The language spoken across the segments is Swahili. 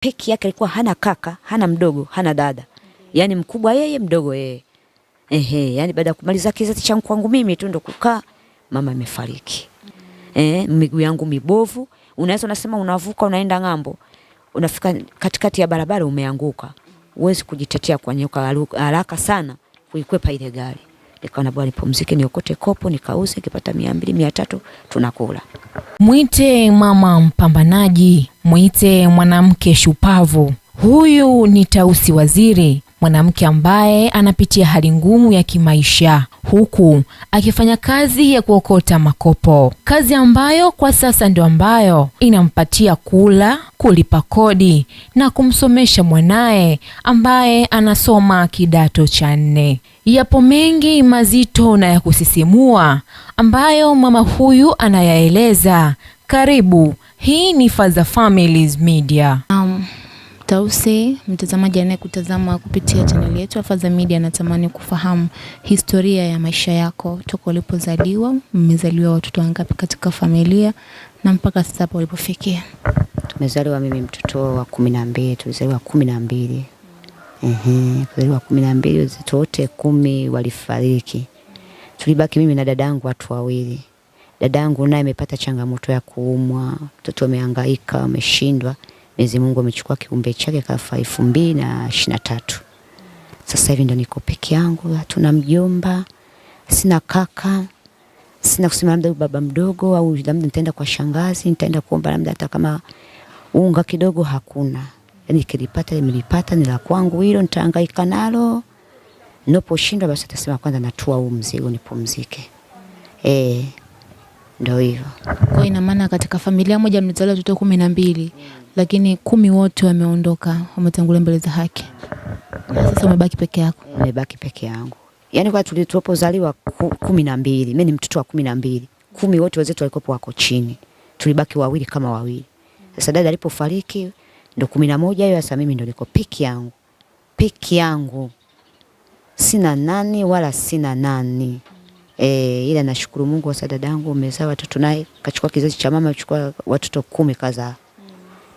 peki yake alikuwa hana kaka, hana mdogo, hana dada, yaani mkubwa yeye, mdogo yeye. Ehe, yani baada ya kumaliza kizazi changu kwangu mimi tu ndo kukaa, mama amefariki. Eh, miguu yangu mibovu, unaweza unasema unavuka unaenda ng'ambo, unafika katikati ya barabara umeanguka, Uwezi kujitetea kwa nyoka haraka sana kuikwepa ile gari. Nikaona bwana, nipumzike niokote kopo nikauze, nikipata mia mbili mia tatu tunakula. Mwite mama mpambanaji, mwite mwanamke shupavu. Huyu ni Tausi Waziri mwanamke ambaye anapitia hali ngumu ya kimaisha huku akifanya kazi ya kuokota makopo, kazi ambayo kwa sasa ndio ambayo inampatia kula, kulipa kodi na kumsomesha mwanaye ambaye anasoma kidato cha nne. Yapo mengi mazito na ya kusisimua ambayo mama huyu anayaeleza. Karibu, hii ni Faza Families Media. Tause, mtazamaji anayekutazama kupitia channel yetu Alfaza Media, anatamani kufahamu historia ya maisha yako toka ulipozaliwa. Mmezaliwa watoto wangapi katika familia na mpaka sasa hapo ulipofikia? Tumezaliwa mimi mtoto wa kumi na mbili, tulizaliwa kumi na mbili. Ehe, kuzaliwa kumi na mbili, watoto wote kumi walifariki. Tulibaki mimi na dadangu watu wawili. Dadangu naye amepata changamoto ya kuumwa, mtoto amehangaika, ameshindwa Mwenyezi Mungu amechukua kiumbe chake kafa elfu mbili na ishirini na tatu. Sasa hivi ndo niko peke yangu, hatuna mjomba, sina kaka, sina kusema labda baba mdogo au labda nitaenda kwa shangazi, nitaenda kuomba labda hata kama unga kidogo, hakuna. Yani kilipata imelipata ni la kwangu, hilo nitahangaika nalo. Ninaposhindwa basi atasema kwanza natua huu mzigo nipumzike, eh. Ndio hivyo. Kwa ina maana katika familia moja mlizaliwa watoto kumi na mbili lakini kumi wote wameondoka, wametangulia mbele za haki, na sasa umebaki peke yako. Nimebaki peke yangu, yaani kwa tulipozaliwa kumi na mbili, mimi ni mtoto wa kumi na mbili, kumi wote wazetu walikopo wako chini, tulibaki wawili kama wawili. Sasa dada alipofariki ndo kumi na moja hiyo, sasa mimi ndo niko peke yangu, peke yangu, sina nani wala sina nani E, ila nashukuru Mungu kwa sababu dadangu amezaa watoto naye kachukua kizazi cha mama kachukua watoto kumi kadhaa.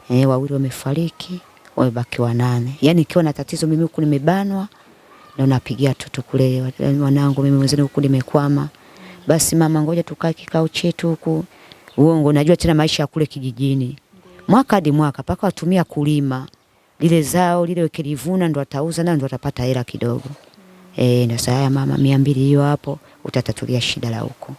Mm. E, wawili wamefariki, wamebaki wanane. Yani ikiwa na tatizo mimi huku nimebanwa na napigia watoto kule wanangu mimi mwenzenu huku nimekwama. Basi mama, ngoja tukae kikao chetu huku. Uongo najua tena maisha ya kule kijijini. Mwaka hadi mwaka paka watumia kulima. Lile zao lile kilivuna ndo watauza na ndo watapata hela kidogo eh, na haya mama 200 hiyo hapo utatatulia shida la huko.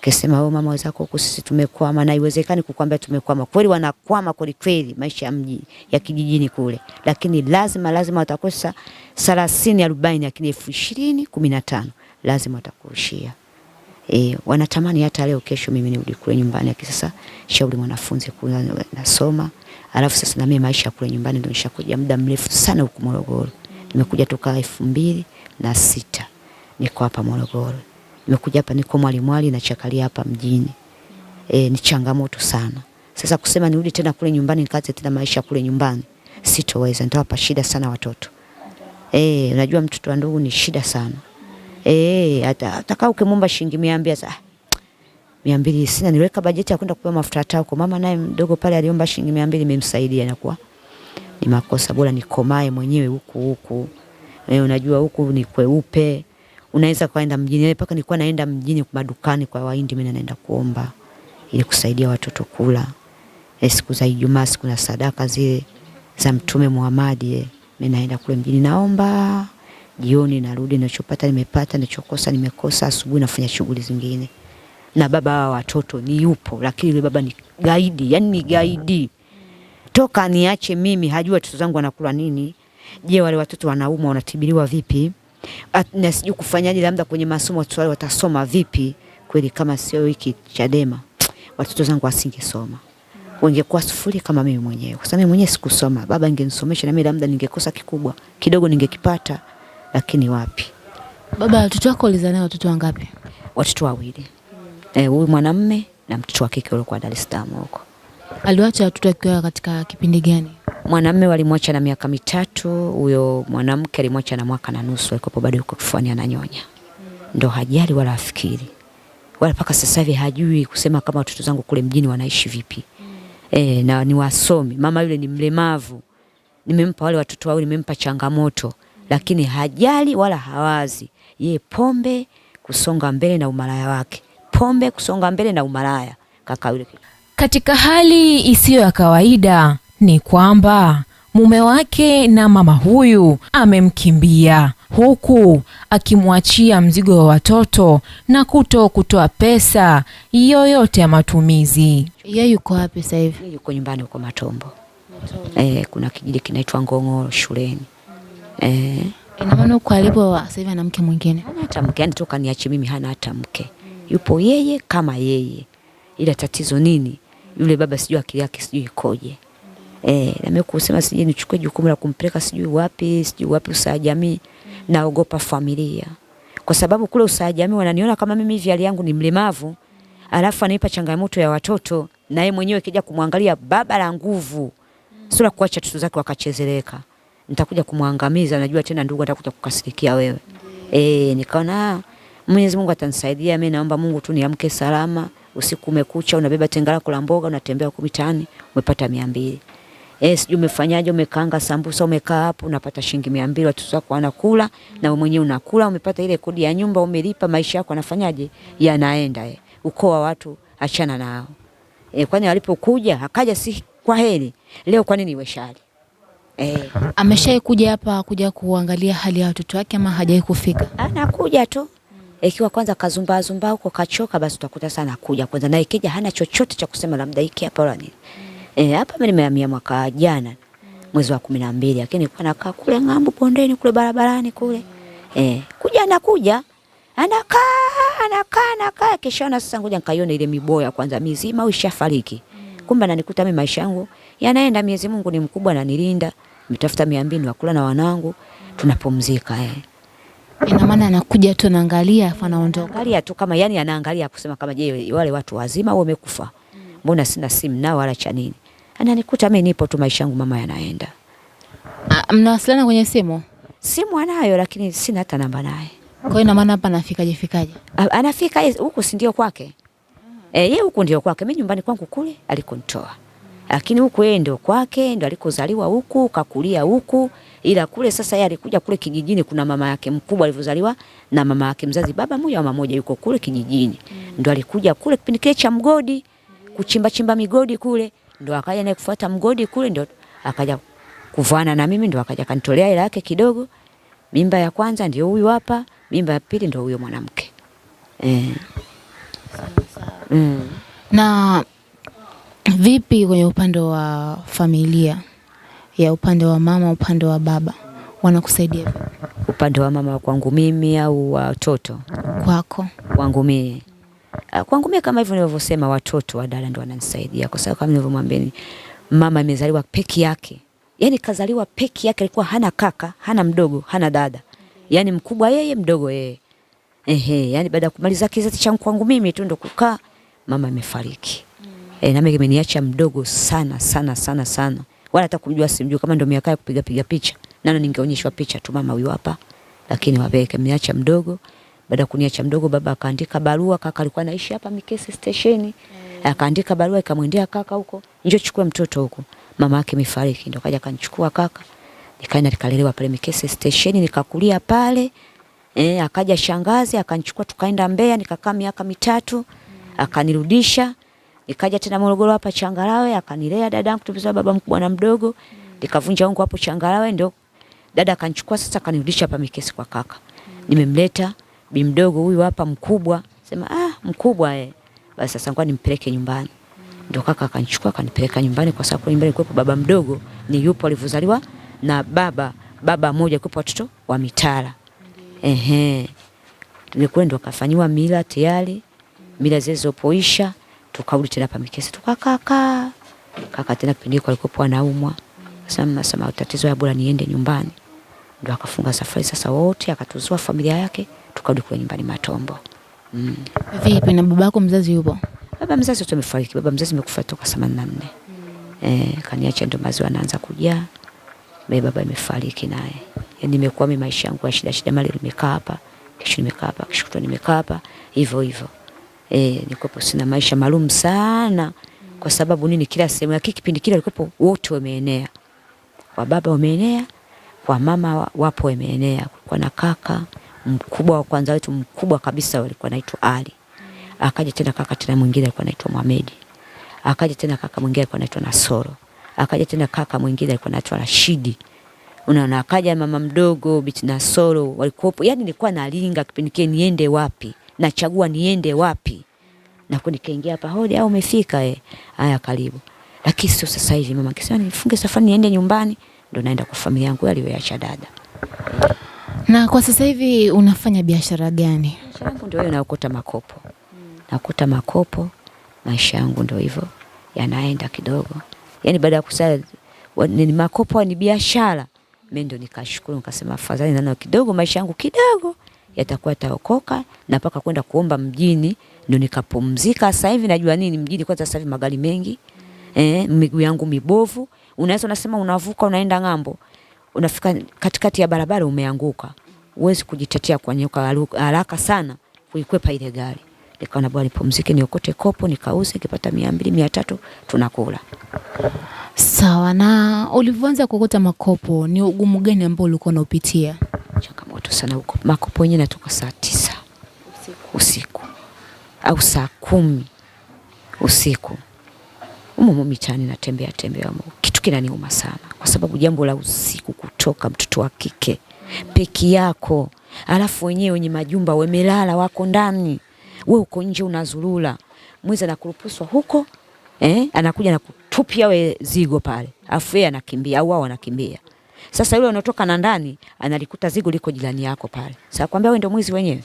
Kesema wewe oh, mama wazako huko sisi tumekwama na iwezekani kukwambia tumekwama. Kweli wanakwama kweli kweli maisha ya mji ya kijijini kule. Lakini lazima lazima watakosa 30 40 lakini 20 15 lazima watakurushia. E, wanatamani hata leo kesho mimi nirudi kule nyumbani, lakini sasa shauri mwanafunzi kuna nasoma, alafu sasa na mimi maisha kule nyumbani ndio nishakuja muda mrefu sana huko Morogoro. Nimekuja toka elfu mbili na sita niko hapa Morogoro. Nimekuja hapa niko Mwalimwali na chakalia hapa mjini. E, ni changamoto sana. Sasa kusema nirudi tena kule nyumbani nikaanze tena maisha kule nyumbani sitoweza, nitawapa shida sana watoto. E, unajua mtoto wa ndugu ni shida sana. E, atakaa ukimwomba shilingi 200 sasa ah, mbili sina, niweka bajeti ya kwenda kupewa mafuta taa kwa mama, naye mdogo pale aliomba shilingi 200 nimemsaidia, inakuwa ni makosa. Bora nikomae mwenyewe huku huku e, unajua huku ni kweupe, unaweza kwenda mjini. Yaani mpaka nilikuwa naenda mjini madukani kwa Wahindi, mimi naenda kuomba ili kusaidia watoto kula. E, siku za Ijumaa, siku na sadaka zile za Mtume Muhammad, eh, mimi naenda kule mjini naomba, jioni narudi, nachopata nimepata, ninachokosa nimekosa, asubuhi nafanya shughuli zingine na baba wa watoto ni yupo, lakini yule baba ni gaidi, yani ni gaidi. Toka niache mimi, hajua watoto zangu wanakula nini. Je, wale watoto wanaumwa wanatibiliwa vipi? Na sijui kufanyaje, labda kwenye masomo watoto wale watasoma vipi? Kweli kama sio wiki Chadema watoto zangu wasingesoma, wangekuwa sufuri kama mimi mwenyewe, kwa sababu mimi mwenyewe sikusoma. Baba angenisomesha na mimi labda ningekosa kikubwa kidogo, ningekipata lakini wapi. Baba, watoto wako ulizaa nao watoto wangapi? Watoto wawili, eh, huyu eh, mwanamume na mtoto wa kike uliokuwa Dar es Salaam huko. Aliwacha watoto akiwa katika kipindi gani? mwanamume walimwacha na miaka mitatu, huyo mwanamke alimwacha na mwaka na nusu, alikuwa bado yuko kifuani ananyonya. Ndo hajali wala afikiri wala mpaka sasa hivi hajui kusema kama watoto zangu kule mjini wanaishi vipi. E, na ni wasomi. Mama yule ni mlemavu, nimempa wale watoto wao, nimempa changamoto, lakini hajali wala hawazi. Ye pombe kusonga mbele na umalaya wake, pombe kusonga mbele na umalaya kaka yule. Katika hali isiyo ya kawaida ni kwamba mume wake na mama huyu amemkimbia huku akimwachia mzigo wa watoto na kuto kutoa pesa yoyote ya matumizi. Yeye yuko wapi sasa hivi? Yuko nyumbani huko Matombo. E, kuna kijiji kinaitwa Ngongo shuleni. Mm. E, ina maana huko alipo sasa hivi ana mke mwingine? hata mke, anatoka yaani niache mimi hana hata mke. Yupo yeye kama yeye, ila tatizo nini? Yule baba sijui akili yake sijui ikoje eh, na mimi kusema sije nichukue jukumu la kumpeleka sijui wapi sijui wapi usaha jamii, mm. naogopa familia, kwa sababu kule usaha jamii wananiona kama mimi hivi hali yangu ni mlemavu, mm. alafu anaipa changamoto ya watoto, na yeye mwenyewe kija kumwangalia baba la nguvu, mm. sura kuacha tuzo zake wakachezeleka, nitakuja kumwangamiza, najua tena ndugu atakuja kukasirikia wewe eh, nikaona ah, Mwenyezi Mungu atanisaidia mimi, naomba Mungu tu niamke salama. Usiku umekucha, unabeba tenga lako la mboga, unatembea huko mitaani, umepata mia mbili eh, sijui umefanyaje, umekaanga sambusa, umekaa hapo unapata shilingi 200, watoto wako wanakula mm. na wewe mwenyewe unakula, umepata ile kodi ya nyumba, umelipa, maisha yako anafanyaje yanafanyaje, mm. yanaenda eh. Ukoo wa watu achana nao eh, kwani walipokuja akaja si kwa heri, leo kwa nini weshali eh? Ameshaye kuja hapa kuja kuangalia hali ya watoto wake ama hajai kufika? Anakuja ah, tu mm. eh, ikiwa kwanza kazumba zumba huko kachoka, basi utakuta sana kuja kwanza, na ikija hana chochote cha kusema labda hiki hapa wala nini. mm. Eh, hapa mimi nimehamia mwaka jana mwezi wa kumi na mbili, lakini nilikuwa nakaa kule ng'ambo bondeni kule barabarani kule. Eh, kuja na kuja anakaa anakaa anakaa kisha na sasa, ngoja nikaione ile miboya kwanza mizima au ishafariki. Kumbe ananikuta mimi maisha yangu yanaenda, Mwenyezi Mungu ni mkubwa na nilinda, mtafuta mia mbili wakula na wanangu tunapumzika eh. Ina maana anakuja tu anaangalia afa anaondoka. Angalia tu kama yani anaangalia kusema kama je, wale watu wazima wamekufa. Mbona sina simu nao wala cha nini? ananikuta mimi nipo tu, maisha yangu mama yanaenda. Mnawasiliana kwenye simu? Simu anayo lakini sina hata namba naye. Kwa hiyo ina maana hapa anafikaje fikaje? Anafika huku si ndio kwake? Eh, yeye huku ndio kwake. Mimi nyumbani kwangu kule alikontoa. Lakini huku yeye ndio kwake, ndio alikozaliwa huku, kakulia huku. Ila kule sasa yeye alikuja kule kijijini kuna mama yake mkubwa alivyozaliwa na mama yake mzazi baba mmoja mama mmoja yuko kule kijijini. Ndio alikuja kule kipindi kile cha mgodi, kuchimba chimba migodi kule ndo akaja naye kufuata mgodi kule, ndo akaja kuvana na mimi, ndo akaja kanitolea hela yake kidogo. Mimba ya kwanza ndio huyu hapa, mimba ya pili ndo huyo mwanamke eh. Mm. Na vipi kwenye upande wa familia ya upande wa mama, upande wa baba wanakusaidia Upande wa mama kwangu mimi au watoto kwako? Kwangu mimi Eh, kwangu mimi kama hivyo nilivyosema, watoto wa dada ndio wananisaidia, kwa sababu kama nilivyomwambia, mama amezaliwa peke yake, yani kazaliwa peke yake, alikuwa hana kaka, hana mdogo, hana dada, yani mkubwa yeye, mdogo yeye. Ehe, yani baada ya kumaliza kizazi changu kwangu mimi tu ndo kukaa, mama amefariki. Mm. E, eh, nami kimeniacha mdogo sana sana sana sana, wala hata kumjua simjui. Kama ndio miaka ya kupiga piga picha, nana ningeonyeshwa picha tu, mama huyu hapa, lakini wapeke, kimeniacha mdogo. Baada ya kuniacha mdogo, baba akaandika barua, kaka alikuwa anaishi hapa Mikese station mm. akaandika barua ikamwendea kaka huko, njoo chukua mtoto huko, mama yake mifariki, ndo kaja akanichukua kaka, nikaenda nikalelewa pale Mikese station nikakulia pale eh. Akaja shangazi akanichukua, tukaenda Mbeya, nikakaa miaka mitatu mm. akanirudisha nikaja tena Morogoro hapa Changarawe, akanilea dadangu tulizaa baba mkubwa na mdogo mm. nikavunja ungo hapo Changarawe, ndio dada akanichukua sasa, akanirudisha hapa Mikese kwa kaka mm. nimemleta bi mdogo huyu hapa mkubwa, sema ah, mkubwa eh, basi sasa ngoja nimpeleke nyumbani. Ndio kaka akanichukua akanipeleka nyumbani, kwa sababu nyumbani kwepo baba mdogo ni yupo alivyozaliwa na baba baba mmoja, kwepo watoto wa mitara ehe, tumekuwa ndo akafanyiwa mila tayari, mila zilizopoisha tukarudi tena pa Mikese, tukakaka kaka tena pindi kwa alikuwa anaumwa. Sasa mnasema tatizo ya bora niende nyumbani, ndio akafunga safari. Sasa wote akatuzua familia yake tukarudi kwa nyumbani Matombo. Mm. Vipi na babako mzazi yupo? Baba mzazi wote tumefariki. Baba mzazi amekufa toka 84. Mm. Eh, kaniacha ndo maziwa anaanza kuja. Mimi baba amefariki naye. Yaani nimekuwa mimi maisha yangu ya shida shida mali nimekaa hapa, kesho nimekaa hapa, kesho kutwa nimekaa hapa, hivyo hivyo. Eh, nilikuwa sina maisha maalum sana kwa sababu nini, kila sehemu ya kipindi kile alikuwepo, wote wameenea, kwa baba wameenea, kwa mama wapo wameenea, kwa na kaka mkubwa wa kwanza wetu mkubwa kabisa alikuwa anaitwa Ali. Akaja tena kaka tena mwingine alikuwa anaitwa Mohamed. Akaja tena kaka mwingine alikuwa anaitwa Nasoro. Akaja tena kaka mwingine alikuwa anaitwa Rashidi. Unaona, akaja mama mdogo Bit Nasoro walikuwepo. Yaani nilikuwa nalinga kipindi kile niende wapi? Nachagua niende wapi? Na kuni kaingia hapa hodi au umefika eh? Haya karibu. Lakini sio sasa hivi mama akisema nifunge safari niende nyumbani ndo naenda kwa familia yangu aliyoacha dada. Na kwa sasa hivi unafanya biashara gani? Biashara yangu ndio hiyo, naokota makopo mm. makopo, maisha yangu ndio hivyo yanaenda kidogo, yaani baada ya kusali ni makopo ni biashara. Mimi ndio nikashukuru nikasema, afadhali nana kidogo maisha yangu kidogo yatakuwa taokoka, na mpaka kwenda kuomba mjini ndio nikapumzika. Sasa hivi najua nini mjini kwanza, sasa hivi magari mengi mm. Eh, miguu yangu mibovu, unaweza unasema unavuka unaenda ng'ambo unafika katikati ya barabara umeanguka, uwezi kujitetea kwa nyoka haraka sana kuikwepa ile gari. Nikaona bwana, nipumzike niokote kopo nikauze, nikipata mia mbili mia tatu tunakula. Sawa. Na ulivyoanza kuokota makopo, ni ugumu gani ambao ulikuwa unaupitia? Changamoto sana huko, makopo yenyewe natoka saa tisa usiku, usiku au saa kumi usiku umo mitaani natembea tembea, kitu kinaniuma sana, kwa sababu jambo la usiku kutoka mtoto wa kike peki yako, alafu wenyewe wenye majumba wemelala wako ndani, we uko nje unazurura, mwizi anakurupuswa huko eh, anakuja na kutupia we zigo pale, afu yeye anakimbia au wao wanakimbia. Sasa yule unaotoka na ndani analikuta zigo liko jirani yako pale, sasa kwambia wewe ndio mwizi wenyewe.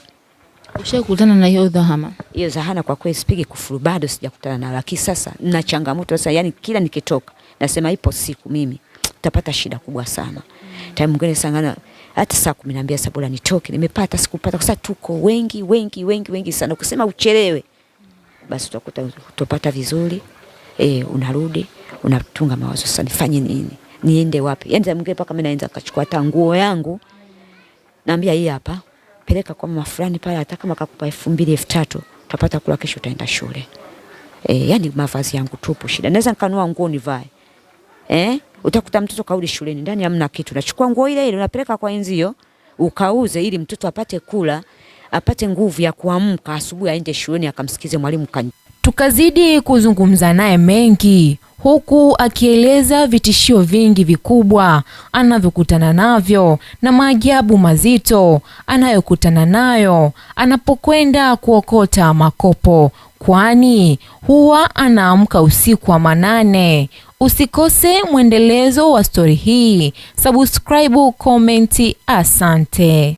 Ushakutana na hiyo dhahama? Hiyo dhahama kwa kweli sipige kufuru, bado sijakutana nayo, lakini sasa na changamoto sasa, yani kila nikitoka nasema ipo siku mimi tapata shida kubwa sana time mwingine sangana hata saa kumi naambia saa bora nitoke, nimepata sikupata, kwa sababu tuko wengi wengi wengi wengi sana. Ukisema uchelewe, basi utakuta utopata vizuri e, unarudi unatunga mawazo, sasa nifanye nini, niende wapi? Yani mwingine mpaka mimi naenda kachukua hata nguo yangu, naambia hii hapa, peleka kwa mama fulani pale, hata kama akakupa elfu mbili elfu tatu utapata kula, kesho utaenda shule. e, yani mavazi yangu tupu shida, naweza nikanua nguo nivae eh Utakuta mtoto kaudi shuleni, ndani hamna kitu, nachukua nguo ile ile unapeleka kwa enzio ukauze, ili mtoto apate kula, apate nguvu ya kuamka asubuhi, aende shuleni akamsikize mwalimu kani. Tukazidi kuzungumza naye mengi, huku akieleza vitishio vingi vikubwa anavyokutana navyo na maajabu mazito anayokutana nayo anapokwenda kuokota makopo, kwani huwa anaamka usiku wa manane Usikose mwendelezo wa stori hii, subscribe, komenti. Asante.